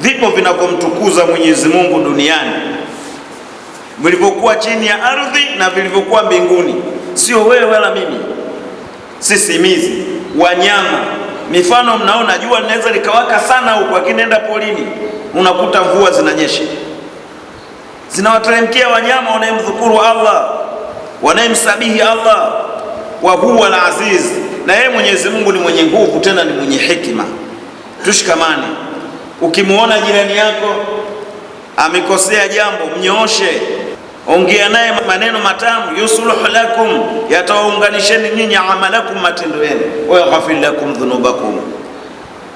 vipo vinakomtukuza Mwenyezi Mungu duniani, vilivyokuwa chini ya ardhi na vilivyokuwa mbinguni, sio wewe wala mimi. Sisi mizi, wanyama, mifano mnaona, jua linaweza likawaka sana huko, akinenda polini unakuta mvua zinanyesha, zinawateremkia wanyama wanayemdhukuru Allah, wanayemsabihi Allah. wa huwa al-aziz, na yeye Mwenyezi Mungu ni mwenye nguvu, tena ni mwenye hikima. Tushikamane. Ukimwona jirani yako amekosea jambo, mnyooshe, ongea naye maneno matamu, yusluhu lakum, yatawaunganisheni nyinyi amalakum, matendo yenu, wayaghfir lakum dhunubakum.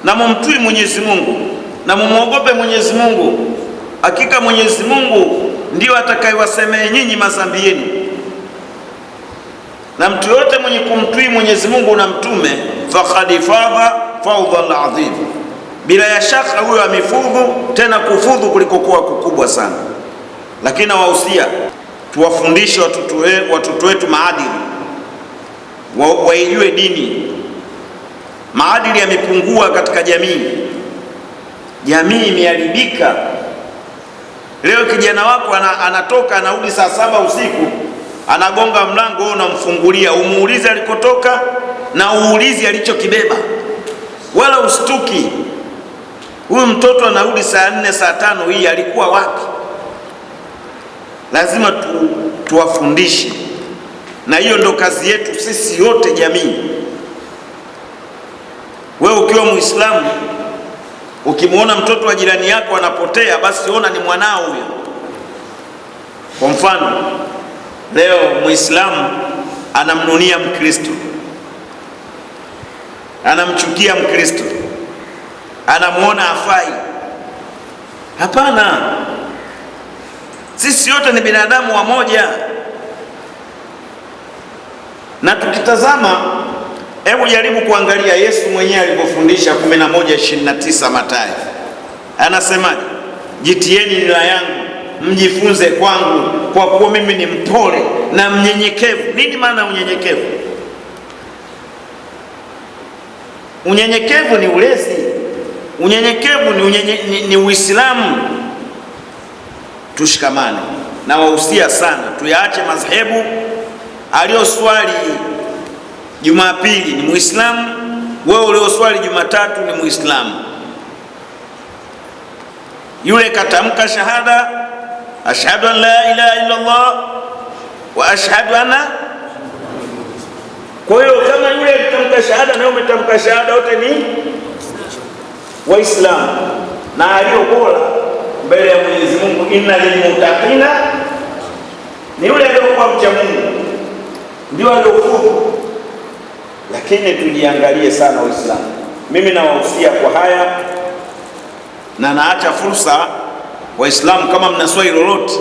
Na mumtui Mwenyezi Mungu na mumwogope Mwenyezi Mungu, hakika Mwenyezi Mungu ndio atakayewasemea nyinyi madhambi yenu. Na mtu yote mwenye kumtui Mwenyezi Mungu na mtume fakad faza faudha al bila ya shaka huyo amefudhu tena kufudhu kulikokuwa kukubwa sana. Lakini nawahusia tuwafundishe watoto wetu maadili, waijue dini. Maadili yamepungua katika jamii, jamii imeharibika. Leo kijana wako anatoka anarudi saa saba usiku anagonga mlango, wewe unamfungulia, umuulize alikotoka na uulize alichokibeba, wala ustuki Huyu mtoto anarudi saa nne saa tano hii alikuwa wapi? Lazima tu, tuwafundishe na hiyo ndo kazi yetu sisi yote jamii. Wewe ukiwa Muislamu ukimwona mtoto wa jirani yako anapotea, basi ona ni mwanao huyo. Kwa mfano leo Muislamu anamnunia Mkristo, anamchukia Mkristo anamwona afai. Hapana, sisi yote ni binadamu wamoja, na tukitazama, hebu jaribu kuangalia Yesu mwenyewe alivyofundisha 11:29 Mathayo anasemaje? Jitieni nila yangu mjifunze kwangu, kwa kuwa mimi ni mpole na mnyenyekevu. Nini maana ya unyenyekevu? Unyenyekevu ni ulezi Unyenyekevu ni, unyenye, ni, ni Uislamu. Tushikamane na wahusia sana, tuyaache madhehebu. Aliyoswali Jumapili ni Muislamu, wewe ulioswali Jumatatu ni Muislamu, yule katamka shahada, ashhadu an la ilaha illa Allah wa ashhadu anna. Kwa hiyo kama yule alitamka shahada na umetamka shahada, wote ni Waislamu na aliyo bora mbele ya Mwenyezi Mungu, inna lilmuttaqina ni yule aliyokuwa mcha Mungu, ndio aliyofuzu. Lakini tujiangalie sana Waislamu, mimi nawahusia kwa haya na naacha fursa Waislamu, kama mna swali lolote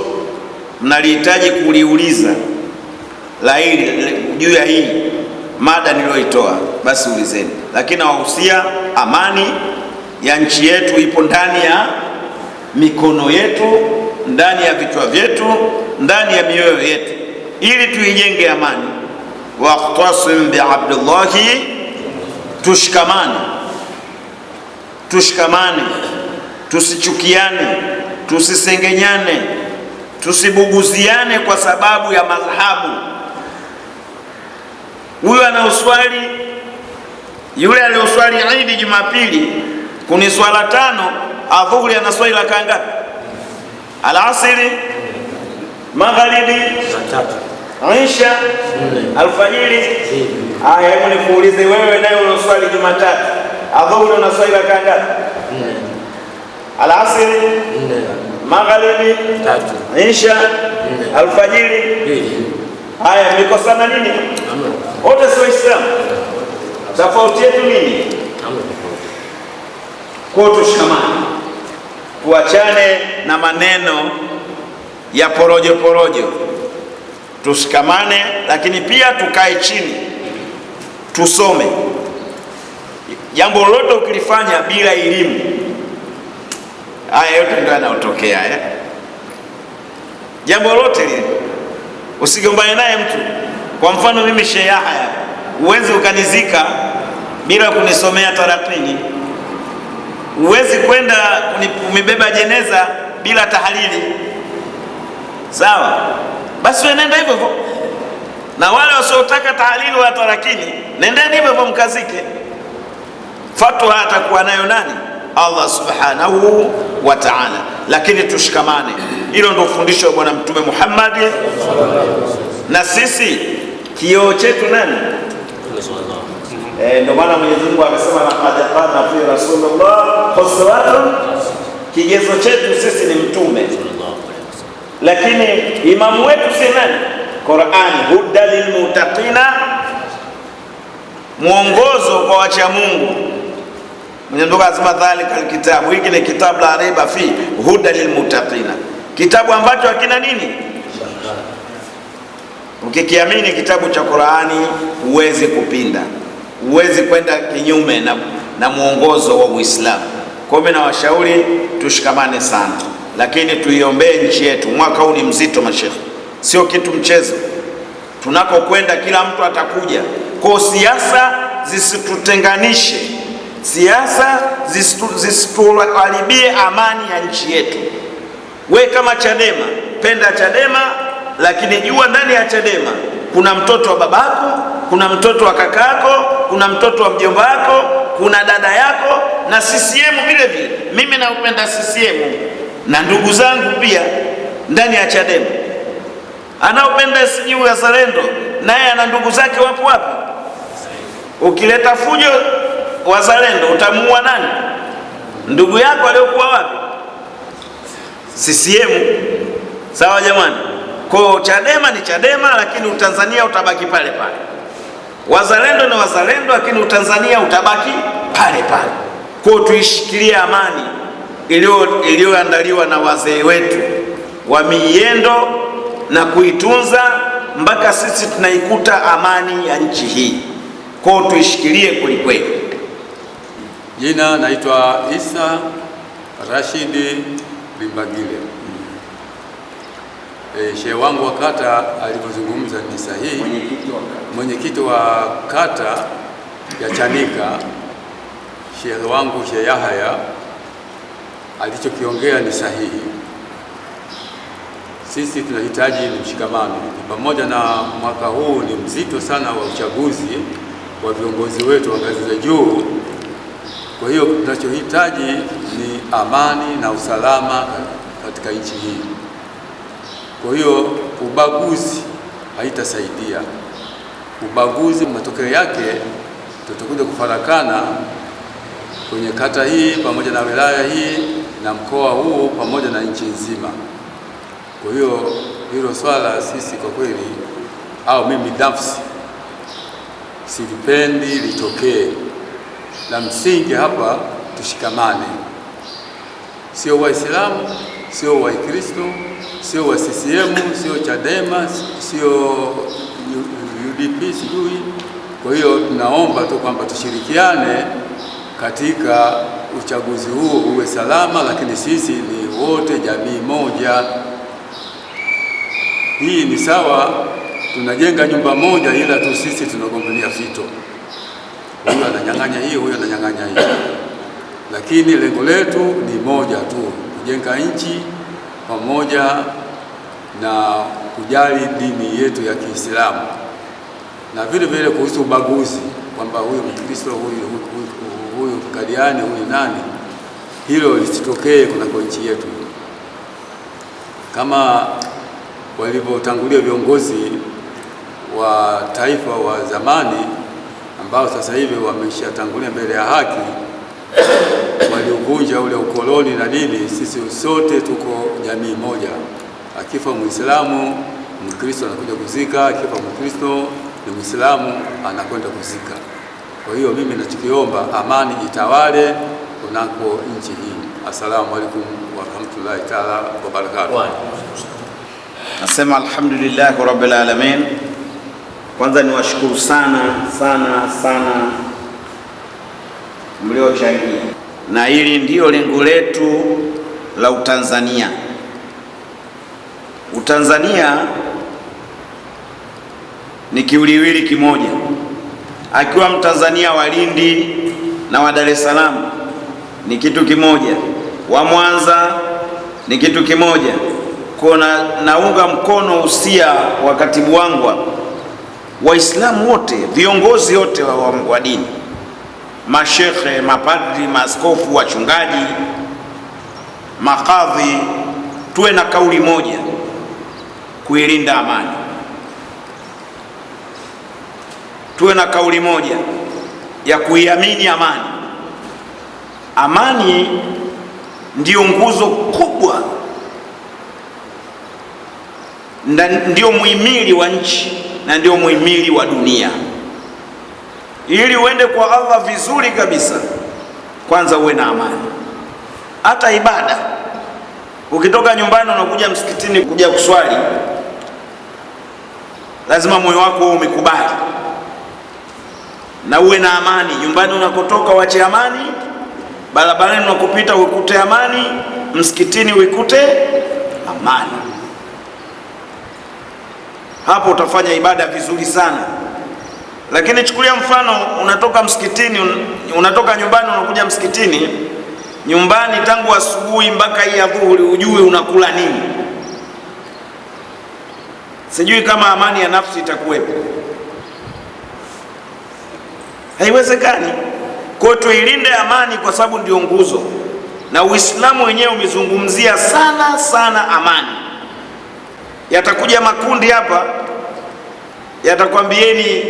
mnalihitaji kuliuliza la hili juu ya hii mada niliyoitoa, basi ulizeni, lakini nawahusia amani ya nchi yetu ipo ndani ya mikono yetu, ndani ya vichwa vyetu, ndani ya mioyo yetu, ili tuijenge amani. Waqtasim biabdillahi, tushikamane, tushikamane, tusichukiane, tusisengenyane, tusibuguziane kwa sababu ya madhahabu. Huyu anaoswali yule alioswali Idi Jumapili Kuni swala tano, adhuhuri ana swali la kaa Alasiri, magharibi, isha, alfajiri. aya hebu nikuulize wewe, naye una swali Jumatatu, adhuhuri una swali la kaa Alasiri, magharibi, isha, alfajiri. aya mikosana nini? Wote si Waislamu. Tofauti yetu nini? Kwa tushikamane, tuachane na maneno ya porojo porojo, tushikamane, lakini pia tukae chini, tusome. Jambo lolote ukilifanya bila elimu, haya yote ndio yanayotokea eh? Jambo lolote lile, usigombane naye mtu. Kwa mfano mimi Sheikh Yahya, uweze ukanizika bila kunisomea taratini Huwezi kwenda umebeba jeneza bila tahalili, sawa? Basi nenda hivyo hivyo, na wale wasiotaka tahalili watarakini, nendeni hivyo hivyo mkazike. Fatwa atakuwa nayo nani? Allah subhanahu wa ta'ala. Lakini tushikamane, hilo ndio fundisho wa Bwana Mtume Muhammad, na sisi kioo chetu nani? E, ndio maana Mwenyezi Mungu amesema laqad kana fi rasulullah khuswatu, kigezo chetu sisi ni mtume, lakini imamu wetu si nani? Qur'an, huda lilmuttaqina, mwongozo kwa wacha Mungu. Mwenyezi Mungu anasema dhalika alkitabu, hiki ni kitabu la reba fi huda lilmuttaqina, kitabu ambacho hakina nini ukikiamini kitabu cha Qur'ani huwezi kupinda huwezi kwenda kinyume na, na mwongozo wa Uislamu. Kwa hiyo nawashauri tushikamane sana, lakini tuiombee nchi yetu. Mwaka huu ni mzito mashekhe, sio kitu mchezo. Tunakokwenda kila mtu atakuja kwa siasa, zisitutenganishe siasa zisituharibie amani ya nchi yetu. We kama Chadema, penda Chadema, lakini jua ndani ya Chadema kuna mtoto wa babako, kuna mtoto wa kakako kuna mtoto wa mjomba wako, kuna dada yako na CCM vile vile. Mimi naupenda CCM na ndugu zangu pia ndani ya Chadema, anaopenda ACT Zalendo, naye ana ndugu zake wapo wapi? Ukileta fujo wazalendo utamuua nani? Ndugu yako aliyokuwa wapi? CCM. Sawa jamani, kwa Chadema ni Chadema, lakini utanzania utabaki pale pale wazalendo na wazalendo, lakini utanzania utabaki pale pale. kwa tuishikilie amani iliyoandaliwa na wazee wetu wa miendo na kuitunza mpaka sisi tunaikuta amani ya nchi hii. Kwa tuishikilie kwelikweli. Jina naitwa Isa Rashidi Limbagile. E, shehe wangu wa kata alivyozungumza ni sahihi. Mwenyekiti wa kata ya Chanika, shehe wangu Shehe Yahaya alichokiongea ni sahihi. Sisi tunahitaji ni mshikamano, pamoja na mwaka huu ni mzito sana wa uchaguzi wa viongozi wetu wa ngazi za juu. Kwa hiyo tunachohitaji ni amani na usalama katika nchi hii. Kwa hiyo ubaguzi haitasaidia. Ubaguzi matokeo yake tutakuja kufarakana kwenye kata hii pamoja na wilaya hii na mkoa huu pamoja na nchi nzima. Kwa hiyo hilo swala sisi kwa kweli, au mimi nafsi silipendi litokee. La msingi hapa tushikamane, sio Waislamu, sio Wakristo sio wa CCM, sio Chadema, sio UDP, sijui. Kwa hiyo tunaomba tu kwamba tushirikiane katika uchaguzi huo uwe salama, lakini sisi ni wote jamii moja. Hii ni sawa, tunajenga nyumba moja, ila tu sisi tunagombania fito, huyo ananyang'anya hiyo, huyo ananyang'anya hiyo, lakini lengo letu ni moja tu, kujenga nchi pamoja na kujali dini yetu ya Kiislamu na vile vile kuhusu ubaguzi kwamba huyu Mkristo, huyu kadiani, huyu nani, hilo lisitokee kunako nchi yetu, kama walivyotangulia viongozi wa taifa wa zamani ambao sasa hivi wameshatangulia mbele ya haki aliovunja ule ukoloni na nini, sisi sote tuko jamii moja. Akifa Muislamu, Mkristo anakuja kuzika, akifa Mkristo ni Muislamu anakwenda kuzika. Kwa hiyo mimi nachokiomba, amani itawale kunako nchi hii. Assalamu wa rahmatullahi taala barakatuh. Nasema alhamdulillah rabbil alamin. Kwanza niwashukuru sana sana sana mliochangia na hili ndiyo lengo letu la Utanzania. Utanzania ni kiwiliwili kimoja. Akiwa Mtanzania wa Lindi na wa Dar es Salaam ni kitu kimoja, wa Mwanza ni kitu kimoja. Kuna naunga mkono usia wa katibu wangu, Waislamu wote, viongozi wote wa, wa dini mashekhe, mapadri, maaskofu, wachungaji, makadhi, tuwe na kauli moja kuilinda amani, tuwe na kauli moja ya kuiamini amani. Amani ndiyo nguzo kubwa, ndiyo muhimili wa nchi na ndiyo muhimili wa dunia. Ili uende kwa Allah vizuri kabisa, kwanza uwe na amani. Hata ibada, ukitoka nyumbani unakuja msikitini kuja kuswali, lazima moyo wako umekubali na uwe na amani. Nyumbani unakotoka uache amani, barabarani unakopita uikute amani, msikitini uikute amani. Hapo utafanya ibada vizuri sana. Lakini chukulia mfano, unatoka msikitini, unatoka nyumbani, unakuja msikitini. Nyumbani tangu asubuhi mpaka hii adhuhuri, ujue unakula nini. Sijui kama amani ya nafsi itakuwepo, haiwezekani. Kwa hiyo tuilinde amani, kwa sababu ndio nguzo, na Uislamu wenyewe umezungumzia sana sana amani. Yatakuja makundi hapa, yatakwambieni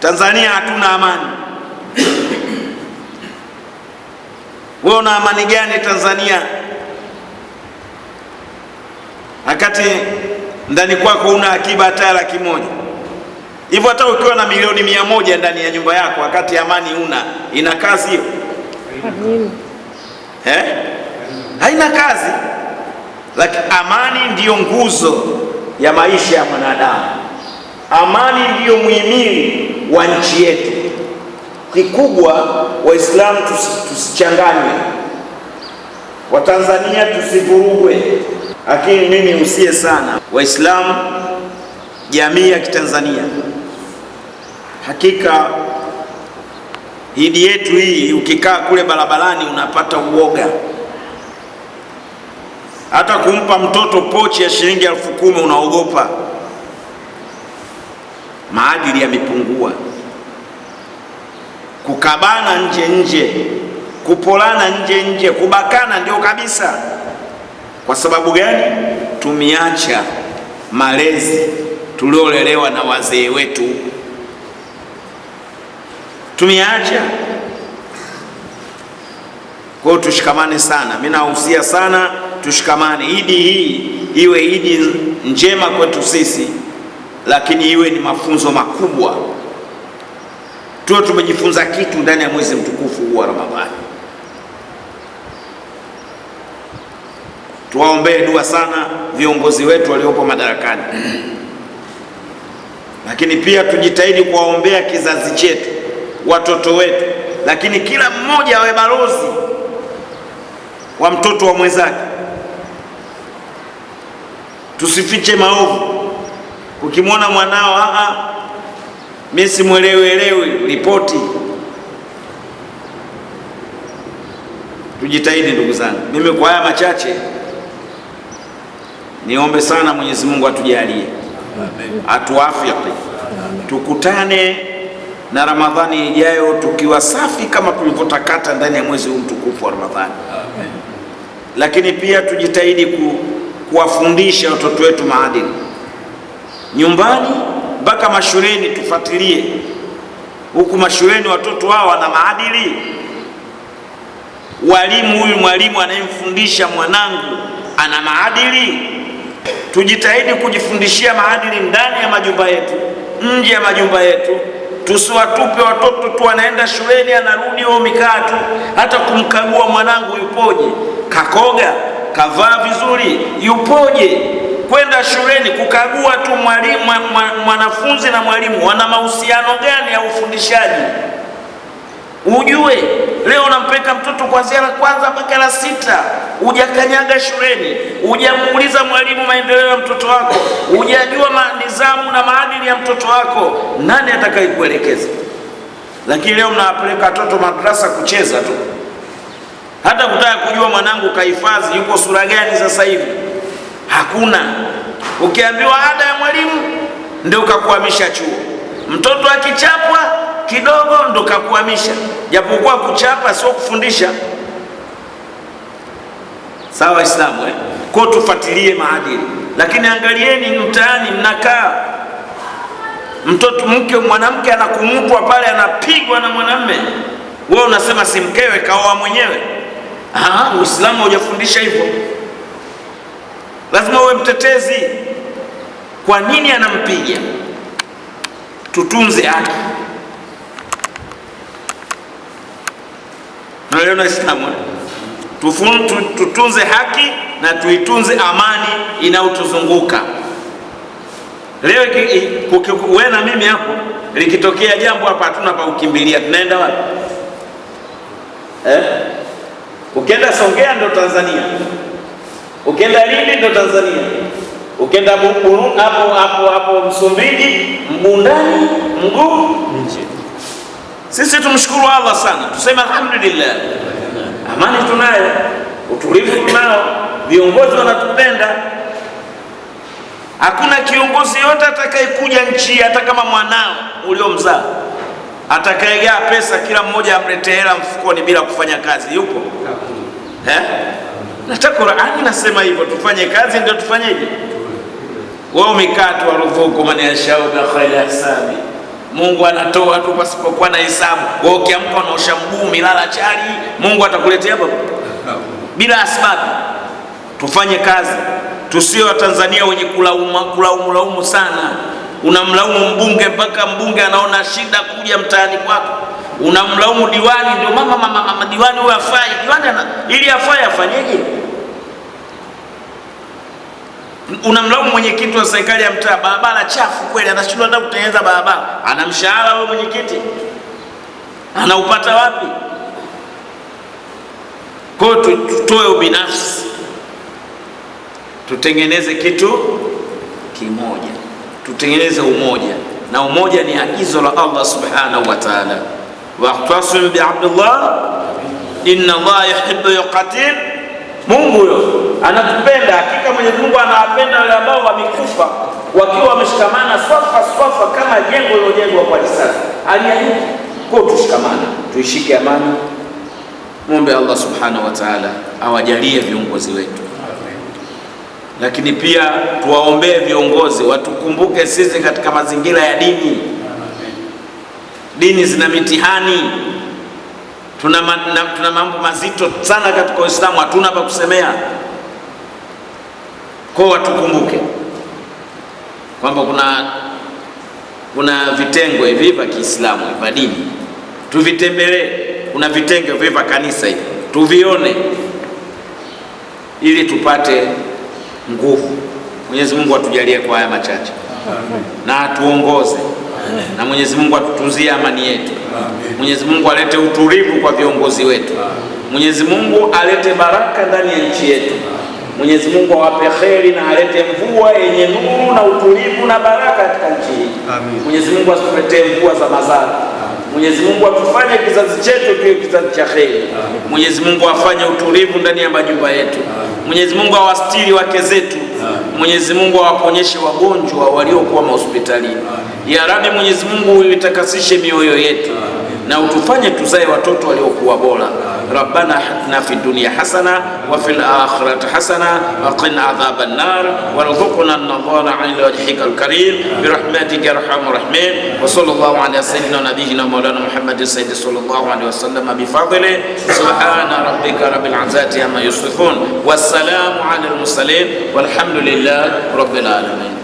Tanzania hatuna amani. Wewe una amani gani Tanzania, wakati ndani kwako una akiba hata laki moja? Hivyo hata ukiwa na milioni mia moja ndani ya nyumba yako, wakati amani una ina kazi hiyo eh? Haina kazi, lakini amani ndiyo nguzo ya maisha ya mwanadamu. Amani ndiyo muhimili wa nchi yetu. Kikubwa Waislamu tusichanganywe, Watanzania tusivurugwe. Lakini mimi usie sana Waislamu, jamii ya Kitanzania, hakika Idi yetu hii, ukikaa kule barabarani unapata uoga. Hata kumpa mtoto pochi ya shilingi elfu kumi unaogopa maadili yamepungua, kukabana nje nje, kupolana nje nje, kubakana ndio kabisa. Kwa sababu gani? Tumiacha malezi tuliolelewa na wazee wetu, tumiacha kwayo. Tushikamane sana, mimi nahusia sana, tushikamane. Idi hii iwe idi njema kwetu sisi lakini iwe ni mafunzo makubwa. Tuwe tumejifunza kitu ndani ya mwezi mtukufu huu wa Ramadhani. Tuwaombee dua sana viongozi wetu waliopo madarakani, lakini pia tujitahidi kuwaombea kizazi chetu, watoto wetu, lakini kila mmoja awe balozi wa mtoto wa mwenzake, tusifiche maovu Ukimwona mwanao a, mimi simwelewielewi, ripoti. Tujitahidi ndugu zangu, mimi kwa haya machache niombe sana Mwenyezi Mungu atujalie, atuafiki, tukutane na Ramadhani ijayo tukiwa safi kama tulivyotakata ndani ya mwezi huu mtukufu wa Ramadhani. Lakini pia tujitahidi ku, kuwafundisha watoto wetu maadili nyumbani mpaka mashuleni, tufuatilie huku mashuleni, watoto wao wana maadili. Walimu, huyu mwalimu anayemfundisha mwanangu ana maadili. Tujitahidi kujifundishia maadili ndani ya majumba yetu, nje ya majumba yetu tusiwatupe watoto tu, anaenda shuleni anarudi mikaa tu, hata kumkagua mwanangu yupoje, kakoga, kavaa vizuri, yupoje kwenda shuleni kukagua tu mwalimu mwanafunzi na mwalimu wana mahusiano gani ya ufundishaji, ujue leo unampeleka mtoto kuanzia la kwanza mpaka la sita, hujakanyaga shuleni, hujamuuliza mwalimu maendeleo ya mtoto wako, hujajua nidhamu na maadili ya mtoto wako, nani atakayekuelekeza? Lakini leo mnawapeleka watoto madrasa kucheza tu, hata kutaka kujua mwanangu kahifadhi yuko sura gani sasa hivi Hakuna. Ukiambiwa ada ya mwalimu ndio ukakuhamisha chuo, mtoto akichapwa kidogo ndio kakuhamisha, japokuwa kuchapa sio kufundisha. Sawa Waislamu eh? Kwa tufuatilie maadili, lakini angalieni mtaani mnakaa mtoto mke mwanamke anakumutwa pale, anapigwa na mwanamme, wewe unasema si mkewe, kaoa mwenyewe. Ah, Uislamu haujafundisha hivyo lazima uwe mtetezi. Kwa nini anampiga? Tutunze haki. Naliona Islamu, tutunze haki na tuitunze amani inayotuzunguka leo. Wewe na mimi hapo, likitokea jambo hapa, hatuna pa kukimbilia, tunaenda wapi eh? Ukienda Songea ndo Tanzania. Ukienda Lindi ndo Tanzania, ukienda hapo hapo hapo Msumbiji, mguu ndani mguu nje. Sisi tumshukuru Allah sana, tuseme alhamdulillah. Amani tunayo, utulivu tunao, viongozi wanatupenda. Hakuna kiongozi yote atakayekuja nchi, hata kama mwanao uliomzaa atakayegea pesa, kila mmoja amletee hela mfukoni bila kufanya kazi, yupo eh? Hata Qur'ani nasema hivyo, tufanye kazi ndio tufanyeje? Wao umekaa tu waruzuku man yashau bila hisabi, Mungu anatoa tu pasipokuwa na hisabu. Wewe ukiamka unaosha mguu, milala chali, Mungu atakuletea hapo bila sababu. Tufanye kazi, tusiwe Watanzania wenye kulaumu kulaumu laumu sana. Unamlaumu mbunge mpaka mbunge anaona shida kuja mtaani kwako unamlaumu diwani, ndio mama mama mama, diwani huyo afai. Diwani ana, ili afai afanyeje? unamlaumu mwenyekiti wa serikali ya mtaa, barabara chafu kweli, anashindwa hata kutengeneza barabara. Ana mshahara wewe mwenyekiti, anaupata wapi? Kwa hiyo tutoe ubinafsi, tutengeneze kitu kimoja, tutengeneze umoja, na umoja ni agizo la Allah subhanahu wa ta'ala, wa'tasimu bihablillah inna Allah yuhibbu yuqatil. Mungu huyo anatupenda Mwenyezi Mungu anawapenda wale ambao wamekufa wakiwa wameshikamana swafa swafa kama jengo lilojengwa kwa risasi. Aliahidi kwa tushikamane, tuishike amani. Muombe Allah subhanahu wa ta'ala awajalie viongozi wetu, lakini pia tuwaombee viongozi, watukumbuke sisi katika mazingira ya dini. Dini zina mitihani, tuna, tuna mambo mazito sana katika Uislamu, hatuna pa kusemea. Kwa watukumbuke kwamba kuna kuna vitengo hivi vya Kiislamu vya dini, tuvitembelee. Kuna vitengo hivi vya kanisa hivi tuvione, ili tupate nguvu. Mwenyezi Mungu atujalie kwa haya machache na atuongoze na Mwenyezi Mungu atutunzie amani yetu Mwenyezi Mungu alete utulivu kwa viongozi wetu Mwenyezi Mungu alete baraka ndani ya nchi yetu Amen. Mwenyezi Mungu awape kheri na alete mvua yenye nuru na utulivu na baraka katika nchi hii. Mwenyezi Mungu asituletee mvua za mazara. Mwenyezi Mungu atufanye kizazi chetu kiwe kizazi cha kheri. Mwenyezi Mungu afanye utulivu ndani ya majumba yetu. Mwenyezi Mungu awastiri wake zetu. Mwenyezi Mungu awaponyeshe wagonjwa waliokuwa mahospitalini. Ya Rabbi, Mwenyezi Mungu uitakasishe mioyo yetu na utufanye tuzae watoto waliokuwa bora. ربنا حتنا في الدنيا حسنة وفي الآخرة حسنة وقنا عذاب النار وارزقنا النظر عن وجهك الكريم برحمتك يا أرحم الراحمين وصلى الله على سيدنا نبينا مولانا محمد السيد صلى الله عليه وسلم بفضله سبحان ربك رب العزة عما يصفون والسلام على المرسلين والحمد لله رب العالمين